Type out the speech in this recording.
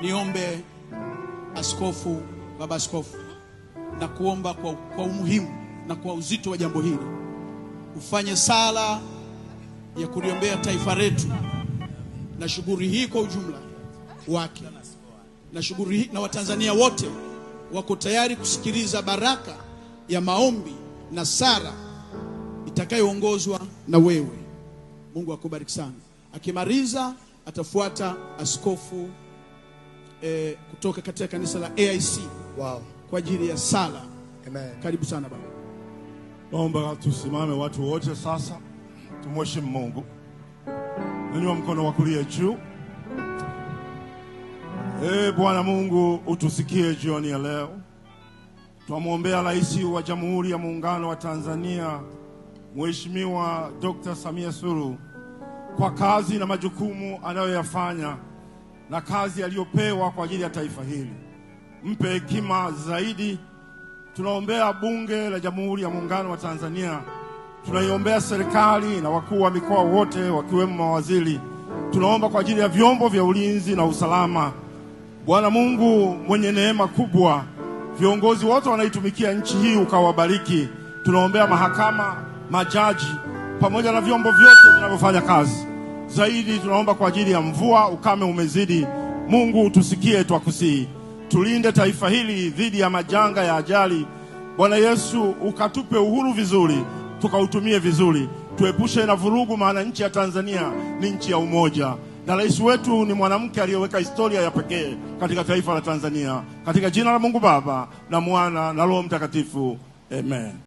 niombe askofu, baba askofu, na kuomba kwa, kwa umuhimu na kwa uzito wa jambo hili, ufanye sala ya kuliombea taifa letu na shughuli hii kwa ujumla wake na shughuli hii, na Watanzania wote wako tayari kusikiliza baraka ya maombi na sara itakayoongozwa na wewe. Mungu akubariki sana. Akimaliza atafuata askofu eh, kutoka katika kanisa la AIC wow. kwa ajili ya sala Amen. Karibu sana baba. Naomba tusimame watu wote sasa, tumweshimu Mungu. Nyanyua mkono wa kulia juu. e Bwana Mungu, utusikie jioni ya leo. Twamwombea Rais wa Jamhuri ya Muungano wa Tanzania Mheshimiwa Dr. Samia suru kwa kazi na majukumu anayoyafanya na kazi aliyopewa kwa ajili ya taifa hili. Mpe hekima zaidi. Tunaombea bunge la Jamhuri ya Muungano wa Tanzania, tunaiombea serikali na wakuu wa mikoa wote wakiwemo mawaziri. Tunaomba kwa ajili ya vyombo vya ulinzi na usalama. Bwana Mungu mwenye neema kubwa, viongozi wote wanaitumikia nchi hii ukawabariki. Tunaombea mahakama, majaji pamoja na vyombo vyote vinavyofanya kazi zaidi tunaomba kwa ajili ya mvua, ukame umezidi. Mungu tusikie, twakusihi, tulinde taifa hili dhidi ya majanga ya ajali. Bwana Yesu, ukatupe uhuru vizuri, tukautumie vizuri, tuepushe na vurugu, maana nchi ya Tanzania ni nchi ya umoja na rais wetu ni mwanamke aliyeweka historia ya pekee katika taifa la Tanzania. Katika jina la Mungu Baba na Mwana na Roho Mtakatifu, amen.